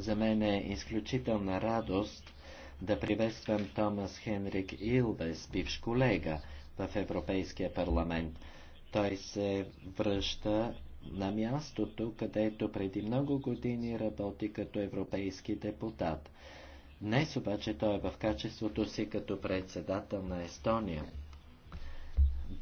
За мен е изключителна радост да приветствам Томас Хенрик Илбес, бивш колега в Европейския парламент. Той се връща на мястото, където преди много години работи като европейски депутат. Днес обаче той е в качеството си като председател на Естония.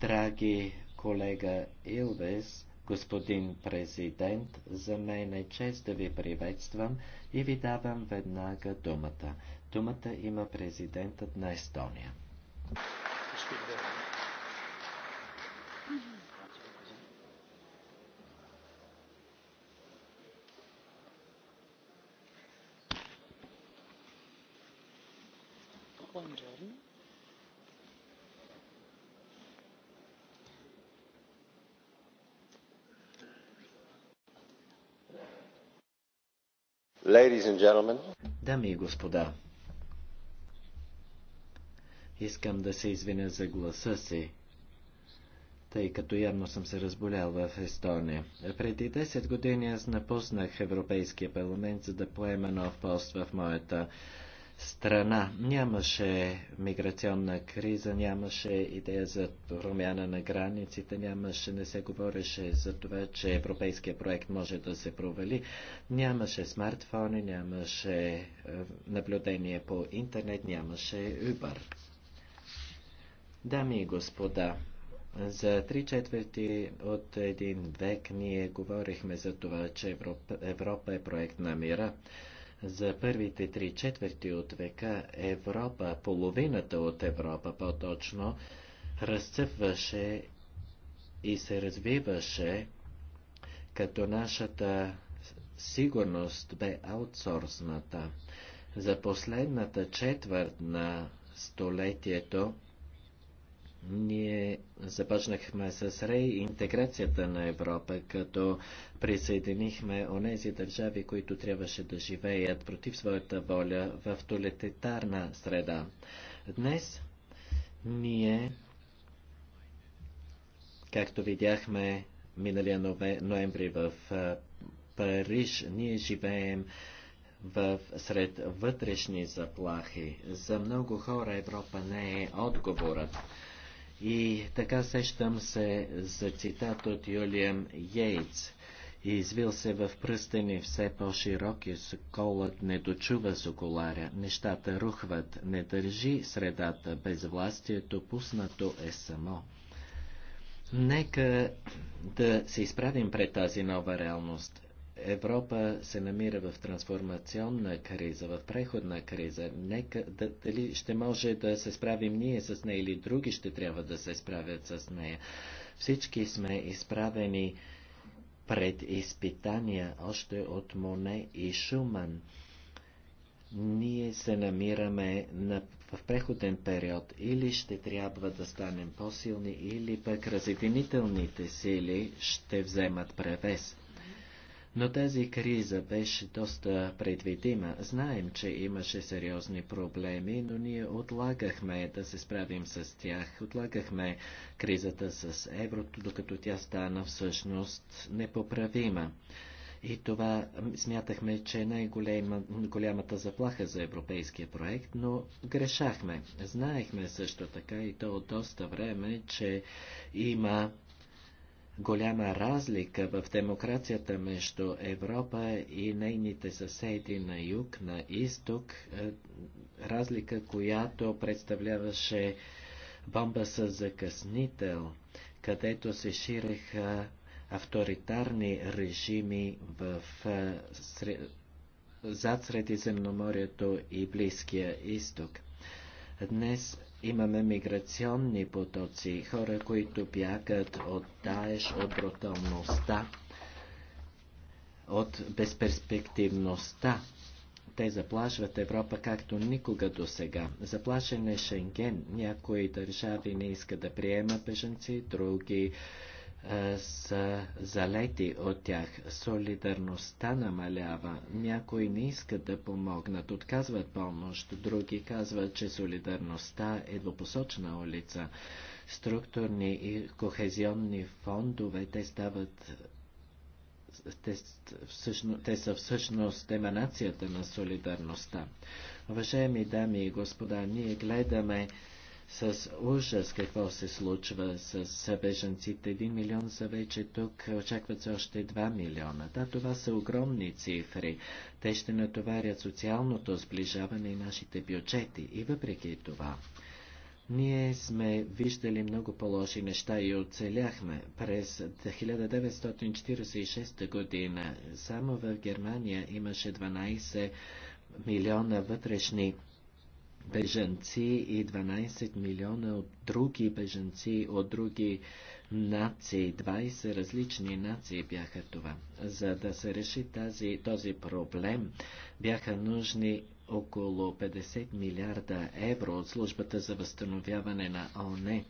Драги колега Илвес, Господин президент, за мен е чест да ви приветствам и ви давам веднага думата. Думата има президентът на Естония. Thank you. Дами и господа, искам да се извиня за гласа си, тъй като явно съм се разболял в Естония. Преди 10 години аз напуснах Европейския парламент, за да поема нов пост в моята страна. Нямаше миграционна криза, нямаше идея за промяна на границите, нямаше, не се говореше за това, че европейския проект може да се провали, нямаше смартфони, нямаше е, наблюдение по интернет, нямаше Uber. Дами и господа, за три четвърти от един век ние говорихме за това, че Европа, Европа е проект на мира. За първите три четвърти от века Европа, половината от Европа по-точно, разцъфваше и се развиваше, като нашата сигурност бе аутсорсната. За последната четвърт на столетието ние започнахме с реинтеграцията на Европа, като присъединихме онези държави, които трябваше да живеят против своята воля в тоталитарна среда. Днес ние, както видяхме миналия ноември в Париж, ние живеем в, сред вътрешни заплахи. За много хора Европа не е отговорът. И така сещам се за цитат от Юлиан Йейтс. И извил се в пръстени все по-широки, колът не дочува соколаря, нещата рухват, не държи средата, безвластието пуснато е само. Нека да се изправим пред тази нова реалност. Европа се намира в трансформационна криза, в преходна криза. Нека, да, дали ще може да се справим ние с нея или други ще трябва да се справят с нея. Всички сме изправени пред изпитания още от Моне и Шуман. Ние се намираме на, в преходен период. Или ще трябва да станем по-силни, или пък разединителните сили ще вземат превес. Но тази криза беше доста предвидима. Знаем, че имаше сериозни проблеми, но ние отлагахме да се справим с тях. Отлагахме кризата с еврото, докато тя стана всъщност непоправима. И това смятахме, че е най-голямата заплаха за европейския проект, но грешахме. Знаехме също така и то от доста време, че има голяма разлика в демокрацията между Европа и нейните съседи на юг, на изток, е, разлика, която представляваше бомба с закъснител, където се ширеха авторитарни режими в, е, зад Средиземноморието и Близкия изток. Днес имаме миграционни потоци, хора, които бягат от Даеш, от бруталността, от безперспективността. Те заплашват Европа както никога до сега. Заплашен е Шенген. Някои държави не искат да приемат беженци, други е, са залети от тях. Солидарността намалява. Някои не искат да помогнат, отказват помощ, други казват, че солидарността е двупосочна улица. Структурни и кохезионни фондове, те стават те, всъщност, те са всъщност еманацията на солидарността. Уважаеми дами и господа, ние гледаме с ужас какво се случва с беженците. Един милион са вече тук, очакват се още 2 милиона. Да, това са огромни цифри. Те ще натоварят социалното сближаване и нашите бюджети. И въпреки това, ние сме виждали много по-лоши неща и оцеляхме. През 1946 година само в Германия имаше 12 милиона вътрешни беженци и 12 милиона от други беженци от други нации. 20 различни нации бяха това. За да се реши тази, този проблем, бяха нужни около 50 милиарда евро от службата за възстановяване на ОНЕ.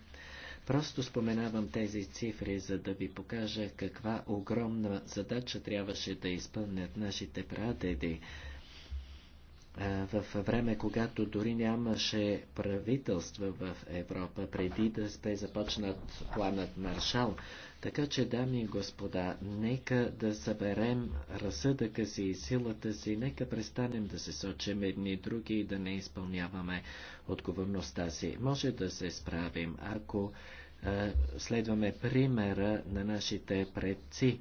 Просто споменавам тези цифри, за да ви покажа каква огромна задача трябваше да изпълнят нашите прадеди в време, когато дори нямаше правителства в Европа, преди да бе започнат планът Маршал. Така че, дами и господа, нека да съберем разсъдъка си и силата си, нека престанем да се сочим едни други и да не изпълняваме отговорността си. Може да се справим, ако е, следваме примера на нашите предци.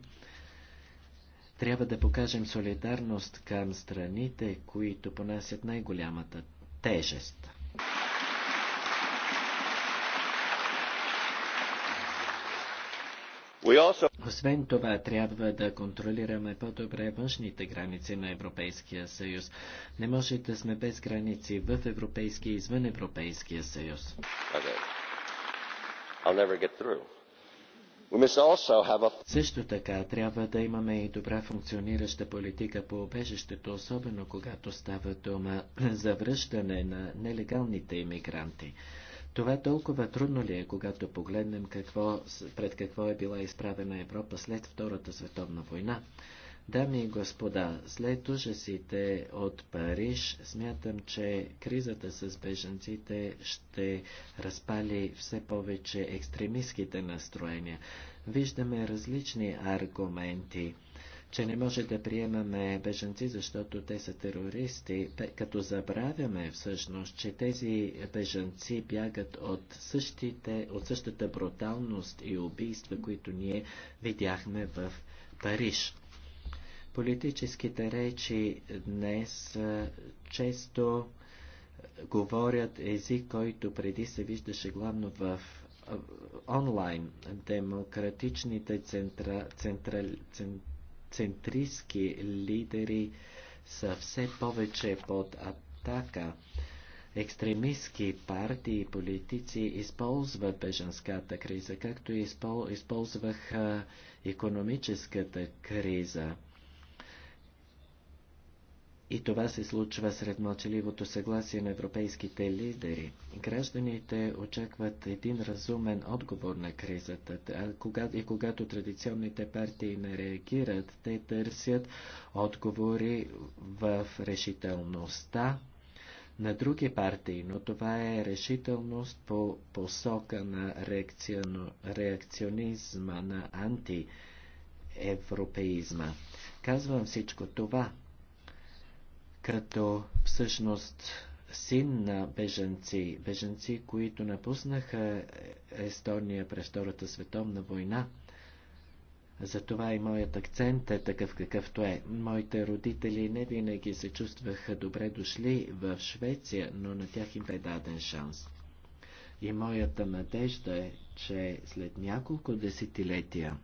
Трябва да покажем солидарност към страните, които понасят най-голямата тежест. Освен това, трябва да контролираме по-добре външните граници на Европейския съюз. Не може да сме без граници в Европейския и извън Европейския съюз. Okay. Също така трябва да имаме и добра функционираща политика по обежището, особено когато става дума за връщане на нелегалните иммигранти. Това толкова трудно ли е, когато погледнем какво, пред какво е била изправена Европа след Втората световна война? Дами и господа, след ужасите от Париж, смятам, че кризата с бежанците ще разпали все повече екстремистските настроения. Виждаме различни аргументи че не може да приемаме бежанци, защото те са терористи, като забравяме всъщност, че тези бежанци бягат от, същите, от същата бруталност и убийства, които ние видяхме в Париж. Политическите речи днес често говорят език, който преди се виждаше главно в онлайн. Демократичните центра, центра, центристски лидери са все повече под атака. Екстремистски партии и политици използват беженската криза, както и използваха економическата криза. И това се случва сред мълчаливото съгласие на европейските лидери. Гражданите очакват един разумен отговор на кризата. А кога, и когато традиционните партии не реагират, те търсят отговори в решителността на други партии, но това е решителност по посока на реакционизма, на антиевропеизма. Казвам всичко това като всъщност син на беженци, беженци, които напуснаха Естония през Втората световна война. Затова и моят акцент е такъв какъвто е. Моите родители не винаги се чувстваха добре дошли в Швеция, но на тях им бе даден шанс. И моята надежда е, че след няколко десетилетия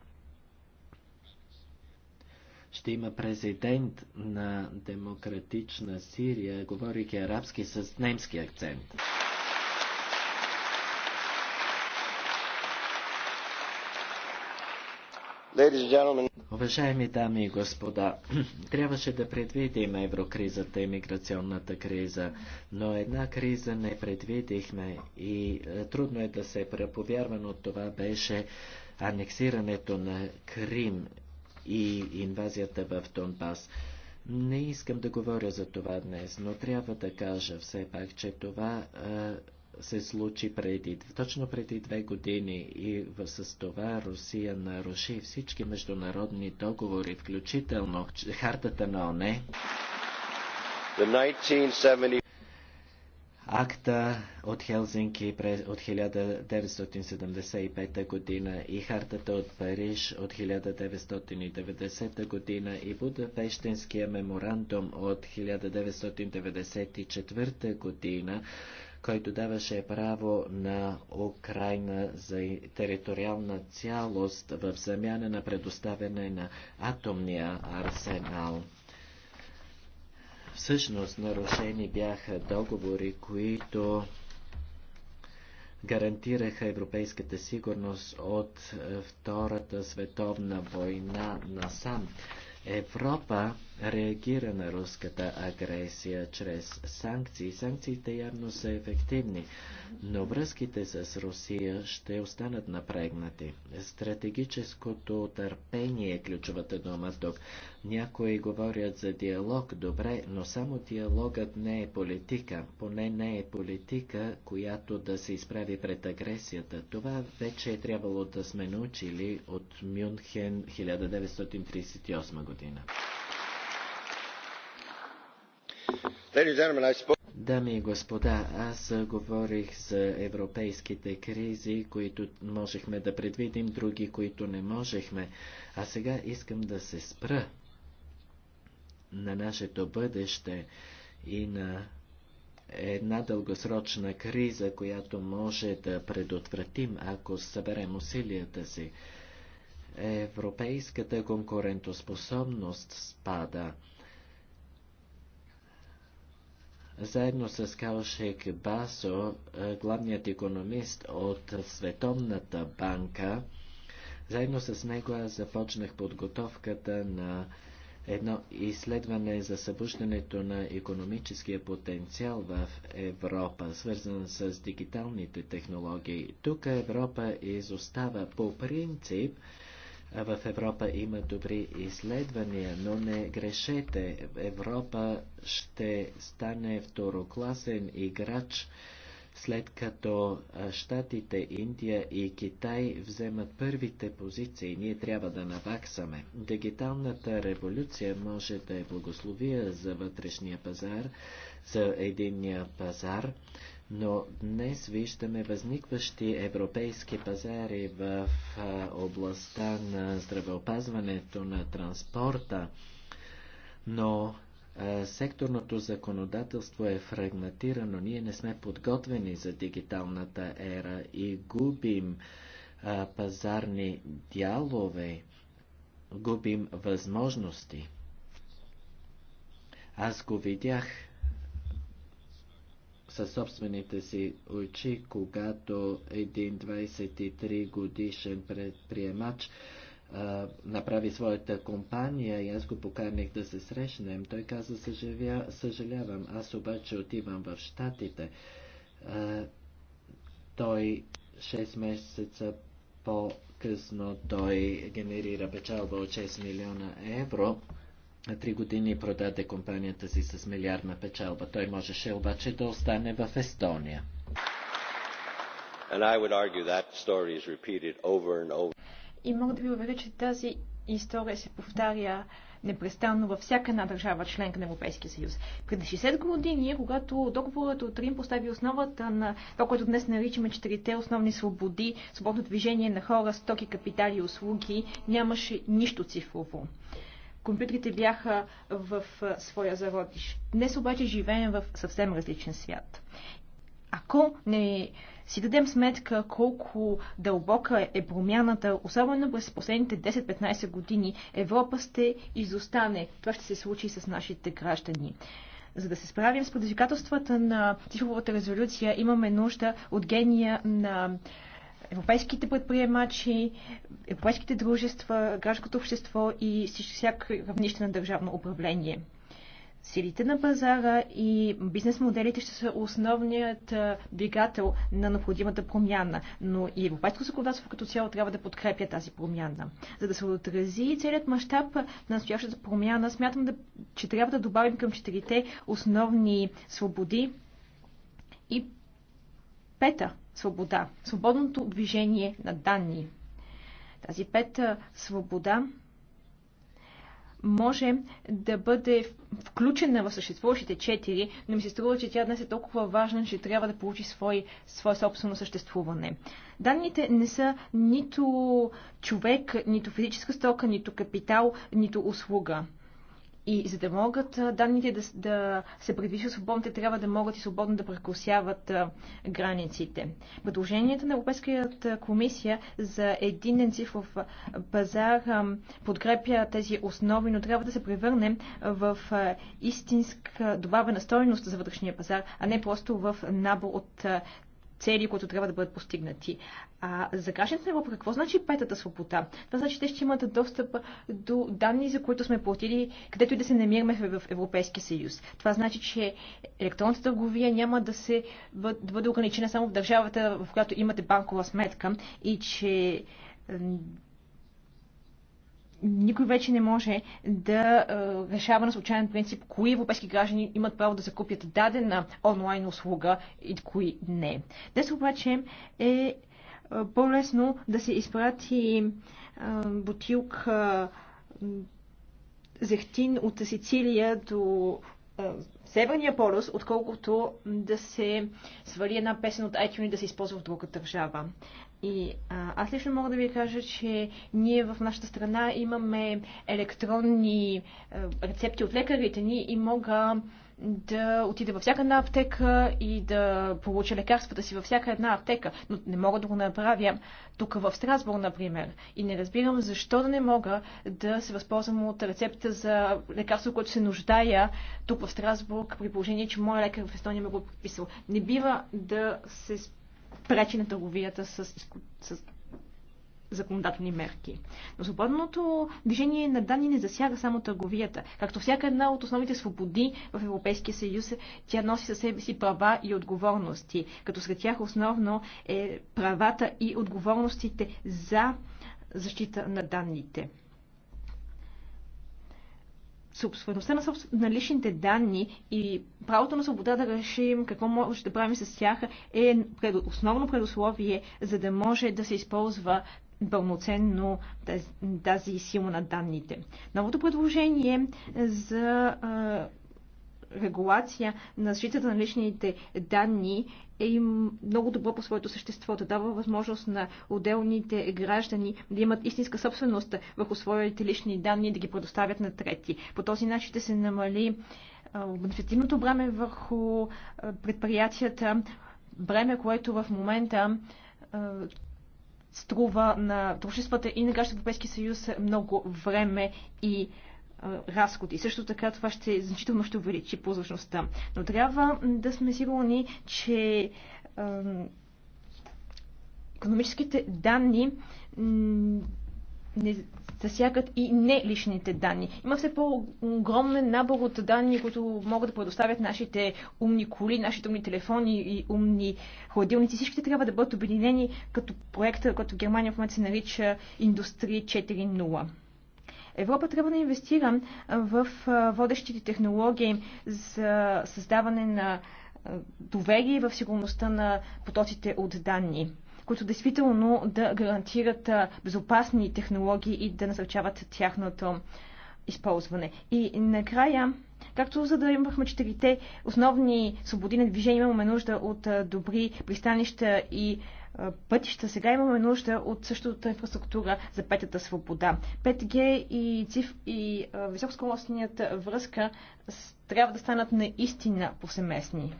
ще има президент на демократична Сирия, говорики арабски с немски акцент. Уважаеми дами и господа, трябваше да предвидим еврокризата и миграционната криза, но една криза не предвидихме и е, трудно е да се преповярваме от това беше анексирането на Крим и инвазията в Донбас. Не искам да говоря за това днес, но трябва да кажа все пак, че това а, се случи преди, точно преди две години и с това Русия наруши всички международни договори, включително хартата на ОНЕ. 1970 акта от Хелзинки от 1975 година и хартата от Париж от 1990 година и Будапештинския меморандум от 1994 година, който даваше право на Украина за териториална цялост в замяна на предоставяне на атомния арсенал. Всъщност нарушени бяха договори, които гарантираха европейската сигурност от е, Втората световна война насам. Европа реагира на руската агресия чрез санкции. Санкциите явно са ефективни, но връзките с Русия ще останат напрегнати. Стратегическото търпение е ключовата дума тук. Някои говорят за диалог, добре, но само диалогът не е политика. Поне не е политика, която да се изправи пред агресията. Това вече е трябвало да сме научили от Мюнхен 1938 година. Дами и господа, аз говорих за европейските кризи, които можехме да предвидим, други, които не можехме. А сега искам да се спра на нашето бъдеще и на една дългосрочна криза, която може да предотвратим, ако съберем усилията си. Европейската конкурентоспособност спада. Заедно с Каушек Басо, е, главният економист от Световната банка, заедно с него аз започнах подготовката на едно изследване за събуждането на економическия потенциал в Европа, свързан с дигиталните технологии. Тук Европа изостава по принцип в Европа има добри изследвания, но не грешете. Европа ще стане второкласен играч след като Штатите, Индия и Китай вземат първите позиции, ние трябва да наваксаме. Дигиталната революция може да е благословия за вътрешния пазар, за единния пазар, но днес виждаме възникващи европейски пазари в областта на здравеопазването, на транспорта, но секторното законодателство е фрагментирано. Ние не сме подготвени за дигиталната ера и губим пазарни дялове, губим възможности. Аз го видях със собствените си очи, когато един 23 годишен предприемач направи своята компания и аз го поканих да се срещнем. Той каза, съжалявам, аз обаче отивам в Штатите. той 6 месеца по-късно той генерира печалба от 6 милиона евро на три години продаде компанията си с милиардна печалба. Той можеше обаче да остане в Естония. Over over. И мога да ви уверя, че тази история се повтаря непрестанно във всяка една държава, членка на Европейския съюз. Преди 60 години, когато договорът от Рим постави основата на това, което днес наричаме четирите основни свободи, свободно движение на хора, стоки, капитали и услуги, нямаше нищо цифрово компютрите бяха в своя зародиш. Днес обаче живеем в съвсем различен свят. Ако не си дадем сметка колко дълбока е промяната, особено през последните 10-15 години, Европа ще изостане. Това ще се случи с нашите граждани. За да се справим с предизвикателствата на цифровата резолюция, имаме нужда от гения на европейските предприемачи, европейските дружества, гражданското общество и всяко равнище на държавно управление. Силите на пазара и бизнес моделите ще са основният двигател на необходимата промяна, но и европейското законодателство като цяло трябва да подкрепя тази промяна. За да се отрази целият мащаб на настоящата промяна, смятам, да, че трябва да добавим към четирите основни свободи и пета свобода – свободното движение на данни. Тази пета свобода може да бъде включена в съществуващите четири, но ми се струва, че тя днес е толкова важна, че трябва да получи свое, свое собствено съществуване. Данните не са нито човек, нито физическа стока, нито капитал, нито услуга. И за да могат данните да, да се предвижат свободно, те трябва да могат и свободно да прекусяват границите. Предложението на Европейската комисия за единен цифров пазар подкрепя тези основи, но трябва да се превърне в истинска добавена стоеност за вътрешния пазар, а не просто в набор от цели, които трябва да бъдат постигнати. А за гражданите на Европа какво значи петата свобода? Това значи, те ще имат достъп до данни, за които сме платили, където и да се намираме в Европейския съюз. Това значи, че електронната търговия няма да, се, да бъде ограничена само в държавата, в която имате банкова сметка и че никой вече не може да решава на случайен принцип кои европейски граждани имат право да закупят дадена онлайн услуга и кои не. Днес обаче е по-лесно да се изпрати бутилка зехтин от Сицилия до Северния полюс, отколкото да се свали една песен от iTunes и да се използва в друга държава. И а, аз лично мога да ви кажа, че ние в нашата страна имаме електронни а, рецепти от лекарите ни и мога да отида във всяка една аптека и да получа лекарствата си във всяка една аптека, но не мога да го направя тук в Страсбург, например. И не разбирам защо да не мога да се възползвам от рецепта за лекарство, което се нуждая тук в Страсбург, при положение, че моя лекар в Естония ме го е подписал. Не бива да се пречи на търговията с, с законодателни мерки. Но свободното движение на данни не засяга само търговията. Както всяка една от основните свободи в Европейския съюз, тя носи със себе си права и отговорности, като сред тях основно е правата и отговорностите за защита на данните собствеността на, собствен... на личните данни и правото на свобода да решим какво може да правим с тях е пред... основно предусловие, за да може да се използва пълноценно тази сила на данните. Новото предложение за регулация на защитата на личните данни е много добро по своето същество. Да дава възможност на отделните граждани да имат истинска собственост върху своите лични данни и да ги предоставят на трети. По този начин ще се намали административното бреме върху предприятията, бреме, което в момента струва на дружествата и на гражданите Европейски съюз много време и разходи. Също така това ще значително ще увеличи ползвачността. Но трябва да сме сигурни, че економическите данни не засягат и не личните данни. Има все по-огромен набор от данни, които могат да предоставят нашите умни коли, нашите умни телефони и умни хладилници. Всичките трябва да бъдат обединени като проекта, който Германия в момента се нарича Индустрия 4.0. Европа трябва да инвестира в водещите технологии за създаване на доверие в сигурността на потоците от данни които действително да гарантират безопасни технологии и да насърчават тяхното използване. И накрая, както за да имахме четирите основни свободи на движение, имаме нужда от добри пристанища и пътища. Сега имаме нужда от същата инфраструктура за петата свобода. 5G и ЦИФ и високоскоростният връзка трябва да станат наистина повсеместни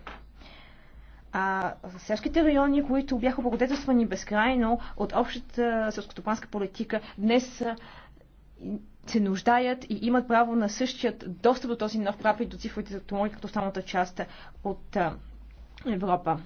а селските райони, които бяха благодетелствани безкрайно от общата селскотопанска политика, днес се нуждаят и имат право на същият достъп до този нов прапит и до цифровите технологии, като останалата част от Европа.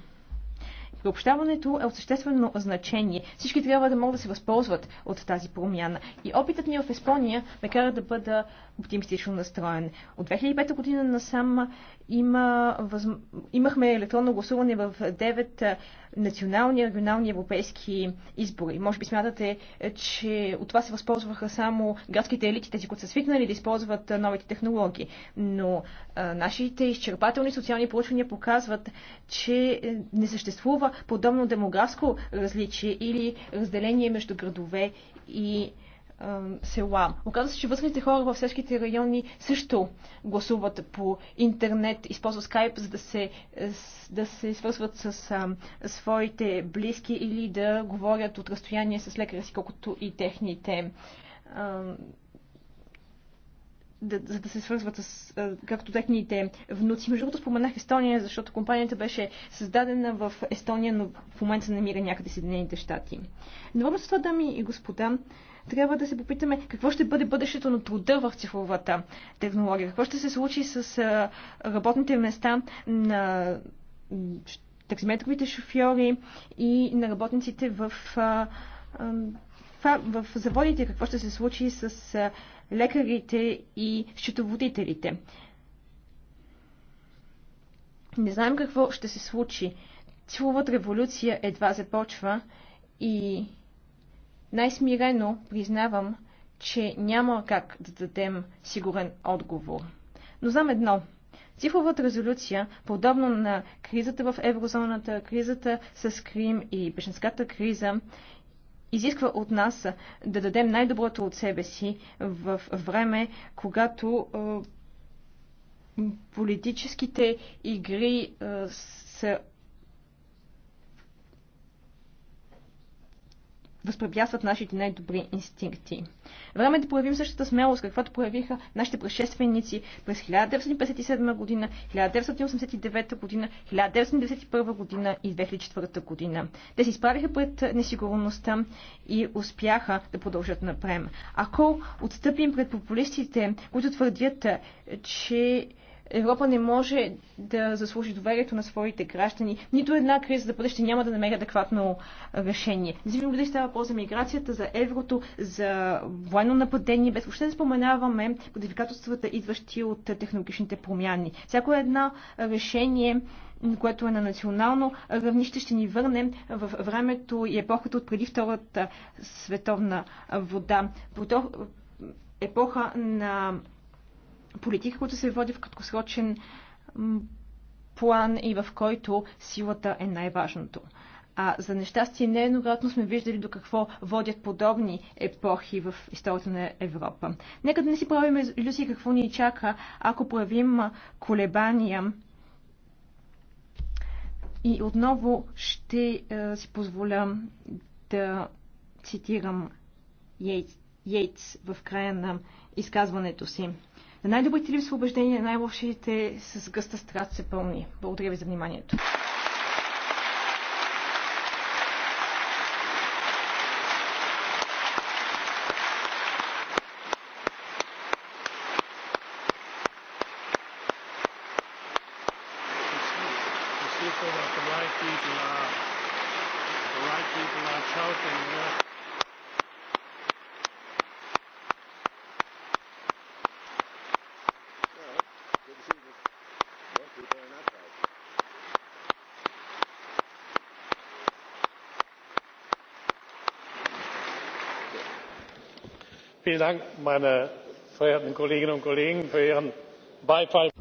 Приобщаването е от съществено значение. Всички трябва да могат да се възползват от тази промяна. И опитът ми в Естония ме кара да бъда оптимистично настроен. От 2005 година насам има, въз... имахме електронно гласуване в 9 национални, регионални, европейски избори. Може би смятате, е, че от това се възползваха само градските елити, тези, които са свикнали да използват новите технологии. Но а, нашите изчерпателни социални проучвания показват, че е, не съществува подобно демографско различие или разделение между градове и села. Оказва се, че възрастните хора в всичките райони също гласуват по интернет, използват скайп, за да се, да се свързват с а, своите близки или да говорят от разстояние с лекаря си, колкото и техните да, за да се свързват с както техните внуци. Между другото споменах Естония, защото компанията беше създадена в Естония, но в момента се намира някъде в Съединените щати. Но въпросът това, дами и господа, трябва да се попитаме какво ще бъде бъдещето на труда в цифровата технология. Какво ще се случи с работните места на таксиметровите шофьори и на работниците в, в заводите. Какво ще се случи с лекарите и счетоводителите. Не знаем какво ще се случи. Цифровата революция едва започва и най-смирено признавам, че няма как да дадем сигурен отговор. Но знам едно. Цифровата резолюция, подобно на кризата в еврозоната, кризата с Крим и бешенската криза, изисква от нас да дадем най-доброто от себе си в време, когато политическите игри са възпрепятстват нашите най-добри инстинкти. Време е да проявим същата смелост, каквато проявиха нашите предшественици през 1957 година, 1989 година, 1991 година и 2004 година. Те се изправиха пред несигурността и успяха да продължат напред. Ако отстъпим пред популистите, които твърдят, че Европа не може да заслужи доверието на своите граждани. Нито една криза за бъдеще няма да намери адекватно решение. Независимо дали става по за миграцията, за еврото, за военно нападение, без въобще да споменаваме предизвикателствата, идващи от технологичните промяни. Всяко едно решение което е на национално равнище, ще ни върне в времето и епохата от преди Втората световна вода. Епоха на политика, която се води в краткосрочен план и в който силата е най-важното. А за нещастие нееднократно сме виждали до какво водят подобни епохи в историята на Европа. Нека да не си правим иллюзии какво ни чака, ако проявим колебания и отново ще е, си позволя да цитирам Йейтс, Йейтс в края на изказването си на най-добрите ли освобождения, най-лошите с гъста страст се пълни. Благодаря ви за вниманието.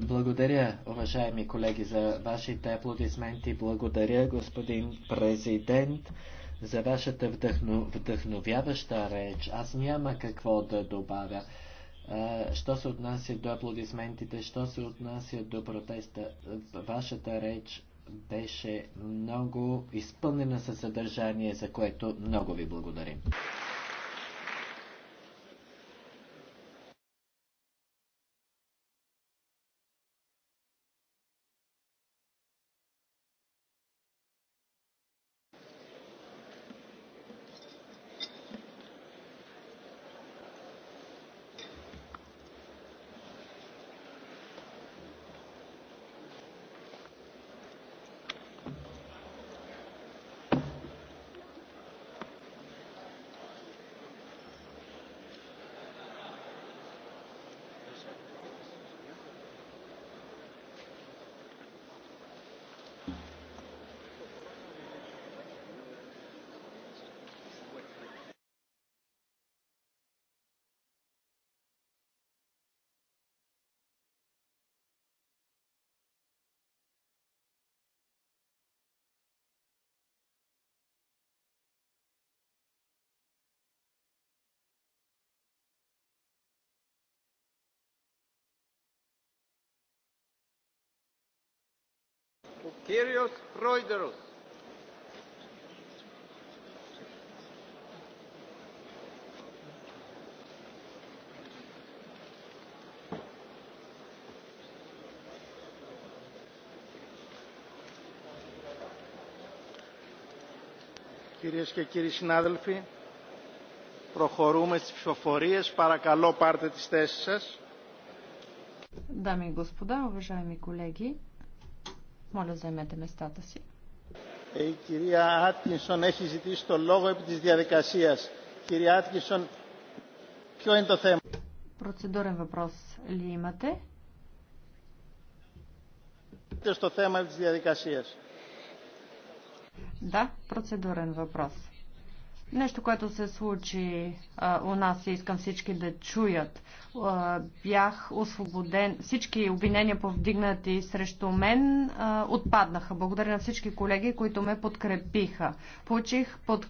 Благодаря, уважаеми колеги, за вашите аплодисменти. Благодаря, господин президент, за вашата вдъхно, вдъхновяваща реч. Аз няма какво да добавя. Що се отнася до аплодисментите, що се отнася до протеста, вашата реч беше много изпълнена със съдържание, за което много ви благодарим. Kyrios Proiderus. Κυρίες και κύριοι συνάδελφοι, προχωρούμε στις ψηφοφορίες. Παρακαλώ πάρτε τις θέσεις σας. Дами и господа, уважаеми колеги, моля, заемете местата си. Η κυρία Άτκινσον έχει ζητήσει το λόγο επί της διαδικασίας. Κυρία Άτκινσον, ποιο είναι το θέμα. Процедурен въпрос ли имате? Στο θέμα της διαδικασίας. Да, процедурен въпрос. Нещо, което се случи а, у нас и искам всички да чуят. А, бях освободен. Всички обвинения повдигнати срещу мен а, отпаднаха. Благодаря на всички колеги, които ме подкрепиха. Получих подкрепа